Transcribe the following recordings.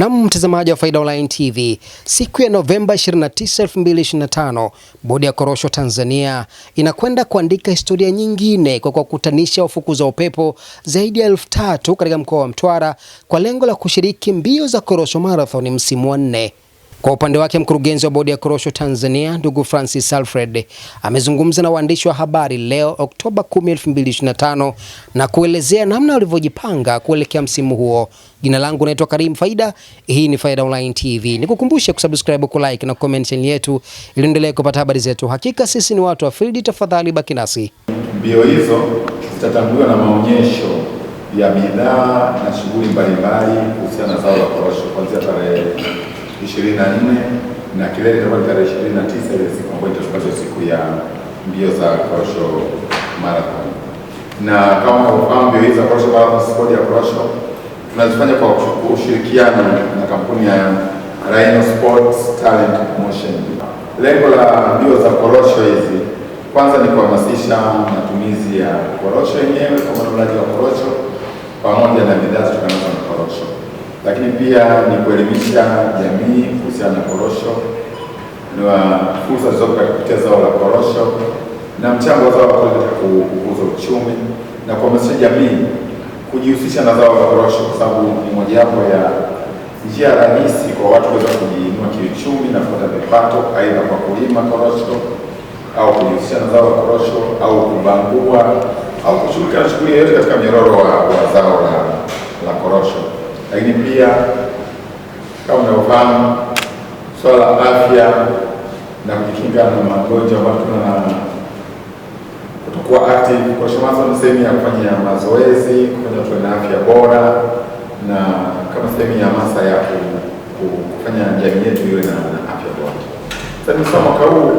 Na mtazamaji wa Faida Online TV, siku ya Novemba 29, 2025, Bodi ya Korosho Tanzania inakwenda kuandika historia nyingine kwa kuwakutanisha wafukuza upepo zaidi ya elfu tatu katika mkoa wa Mtwara kwa lengo la kushiriki mbio za Korosho Marathon msimu wa nne. Kwa upande wake mkurugenzi wa bodi ya korosho Tanzania ndugu Francis Alfred amezungumza na waandishi wa habari leo Oktoba 10, 2025 na kuelezea namna walivyojipanga kuelekea msimu huo. Jina langu naitwa Karim Faida, hii ni Faida Online TV. Nikukumbushe kusubscribe, like na comment channel yetu ili endelee kupata habari zetu. Hakika sisi ni watu wa field, tafadhali baki nasi. Mbio hizo zitatambuliwa na maonyesho ya bidhaa na shughuli mbalimbali kuhusiana na zao la korosho kuanzia tarehe 24 na kilele itakuwa tarehe 29 ile siku ambayo itafuata siku ya mbio za korosho marathon. Na kama unafahamu mbio hizi za korosho marathon, sport ya korosho tunazifanya kwa ushirikiano na kampuni ya Rhino Sports Talent Promotion. Lengo la mbio za korosho hizi kwanza ni kuhamasisha matumizi ya korosho yenyewe kwa maana ulaji wa korosho pamoja na bidhaa lakini pia ni kuelimisha jamii kuhusiana na korosho na fursa zilizopo kupitia zao la korosho na mchango wa zao la korosho katika kukuza uchumi na kuhamasisha jamii kujihusisha na zao la korosho, kwa sababu ni mojawapo ya njia rahisi kwa watu kuweza kujiinua kiuchumi na kupata vipato, aidha kwa kulima korosho au kujihusisha na zao la korosho au kubangua au kushughulika na shughuli yoyote katika mnyororo wa, wa zao la, la korosho lakini pia kama unavyofahamu swala la afya na kujikinga na magonjwa ambayo tuna kutokuwa active kwa shamazo ni sehemu ya kufanya mazoezi, kufanya tuwe na afya bora, na kama sehemu ya masa ya kufanya jamii yetu iwe na afya bora. Sasa ni somo mwaka huu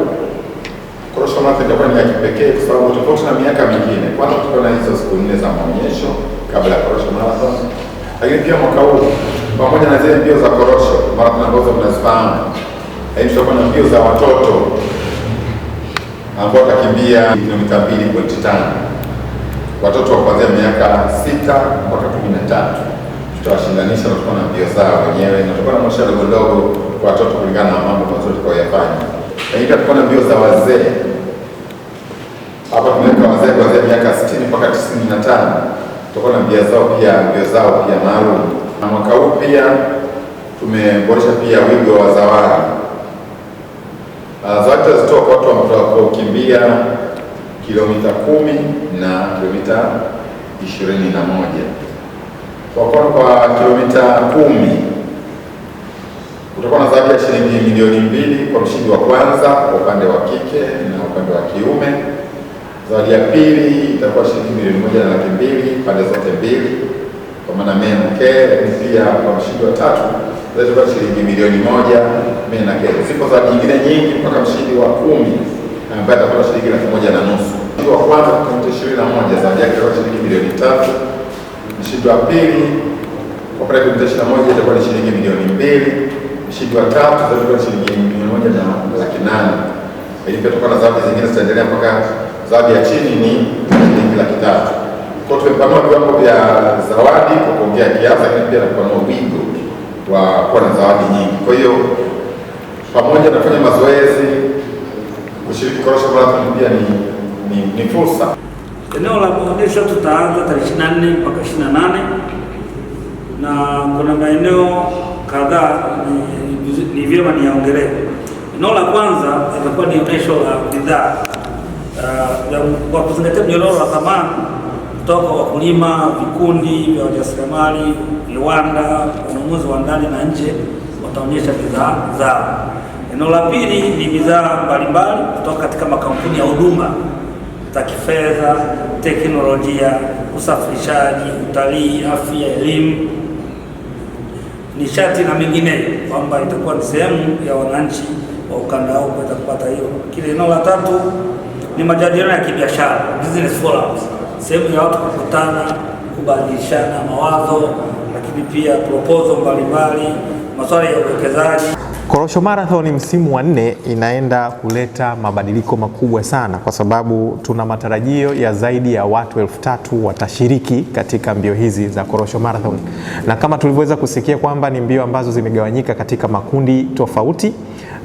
koroshomazo itakuwa ni ya kipekee kwa sababu tofauti na miaka mingine, kwanza tuko na hizo siku nne za maonyesho kabla ya koroshomazo lakini pia mwaka huu pamoja na zile mbio za korosho ambazo mnazifahamu, lakini tutakuwa na mbio za watoto ambao watakimbia kilomita mbili pointi tano watoto wa kuanzia miaka sita mpaka kumi na tatu tutawashindanisha na tutakuwa na mbio zao wenyewe na tutakuwa na mashindano dogo dogo kwa watoto kulingana na mambo mazuri tutakayoyafanya. Lakini pia tutakuwa na mbio za wazee hapa, tumeweka wazee kuanzia miaka sitini mpaka tisini na tano kutokana na bia zao pia mbio zao pia maalum. Na mwaka huu pia tumeboresha pia wigo wa zawadi. Zawadi tutazitoa kwa watu watakaokimbia kilomita kumi na kilomita ishirini na moja. Kwa kwa, kwa kilomita kumi kutakuwa na zawadi ya shilingi milioni mbili kwa mshindi wa kwanza kwa upande wa kike na upande wa kiume Zawadi ya pili itakuwa shilingi milioni moja na laki mbili pande zote mbili, kwa maana mie na mke, lakini pia kwa mshindi wa tatu itakuwa shilingi milioni moja mie na mke. Zipo zawadi nyingine nyingi mpaka mshindi wa kumi ambaye atapata shilingi laki moja na nusu. Mshindi wa kwanza kaunti ishirini na moja zawadi yake itakuwa shilingi milioni tatu. Mshindi wa pili kwa pale kaunti ishirini na moja itakuwa ni shilingi milioni mbili. Mshindi wa tatu itakuwa shilingi milioni moja na laki nane lakini pia na zawadi zingine zitaendelea mpaka zawadi ya chini ni shilingi laki tatu. Kwa tumepanua viwango vya zawadi kwa kuongea kiasi, lakini pia tumepanua wigo wa kuwa na zawadi nyingi. Kwa hiyo pamoja na kufanya mazoezi, kushiriki korosho marathon pia ni, ni, ni fursa. Eneo la maonyesho tutaanza tarehe 24 mpaka 28 na kuna maeneo kadhaa ni vyema niyaongelee. Eneo la kwanza litakuwa ni onyesho la bidhaa uh, kwa kuzingatia mnyororo wa thamani kutoka wakulima, vikundi vya wajasiriamali, viwanda, wanunuzi wa ndani na nje wataonyesha bidhaa zao. Eneo la pili ni bidhaa mbalimbali kutoka katika makampuni ya huduma za kifedha, teknolojia, usafirishaji, utalii, afya, elimu, nishati na mengineyo, kwamba itakuwa ni sehemu ya wananchi wa ukanda wao kuweza kupata hiyo. Kile eneo la tatu ni majadiliano ya kibiashara, business forums, sehemu ya watu kukutana, kubadilishana mawazo, lakini pia proposal mbalimbali, masuala ya uwekezaji. Korosho Marathon msimu wa nne inaenda kuleta mabadiliko makubwa sana, kwa sababu tuna matarajio ya zaidi ya watu elfu tatu watashiriki katika mbio hizi za Korosho Marathon, na kama tulivyoweza kusikia kwamba ni mbio ambazo zimegawanyika katika makundi tofauti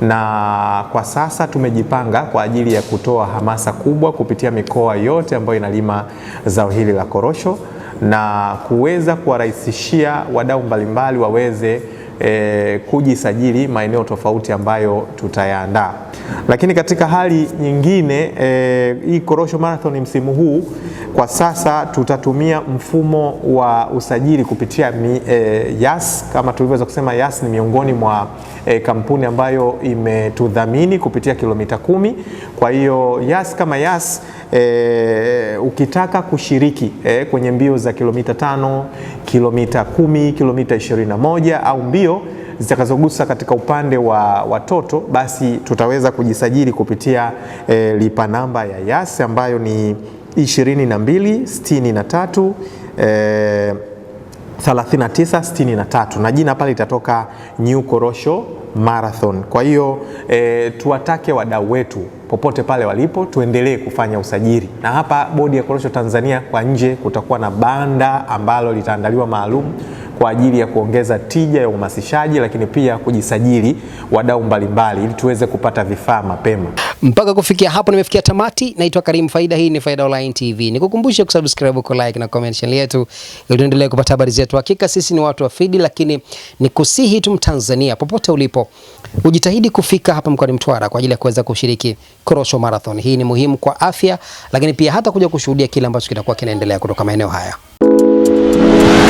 na kwa sasa tumejipanga kwa ajili ya kutoa hamasa kubwa kupitia mikoa yote ambayo inalima zao hili la korosho na kuweza kuwarahisishia wadau mbalimbali waweze E, kujisajili maeneo tofauti ambayo tutayaandaa. Lakini katika hali nyingine e, hii korosho marathon msimu huu kwa sasa tutatumia mfumo wa usajili kupitia mi, e, Yas kama tulivyoweza kusema, Yas ni miongoni mwa e, kampuni ambayo imetudhamini kupitia kilomita kumi. Kwa hiyo Yas kama Yas e, ukitaka kushiriki e, kwenye mbio za kilomita tano, kilomita kumi, kilomita 21 au mbio zitakazogusa katika upande wa watoto basi tutaweza kujisajili kupitia e, lipa namba ya Yas ambayo ni na 63 eh, na jina pale litatoka New Korosho Marathon. Kwa hiyo e, tuwatake wadau wetu popote pale walipo, tuendelee kufanya usajili, na hapa bodi ya korosho Tanzania kwa nje kutakuwa na banda ambalo litaandaliwa maalum kwa ajili ya kuongeza tija ya uhamasishaji, lakini pia kujisajili wadau mbalimbali, ili tuweze kupata vifaa mapema. Mpaka kufikia hapo nimefikia tamati. Naitwa Karim Faida, hii ni Faida Online TV. Nikukumbushe kusubscribe, ku like na comment channel yetu ili tuendelee kupata habari zetu. Hakika sisi ni watu wa Fidi, lakini nikusihi tu Mtanzania popote ulipo ujitahidi kufika hapa mkoani Mtwara kwa ajili ya kuweza kushiriki Korosho Marathon. Hii ni muhimu kwa afya, lakini pia hata kuja kushuhudia kile ambacho kitakuwa kinaendelea kutoka maeneo haya.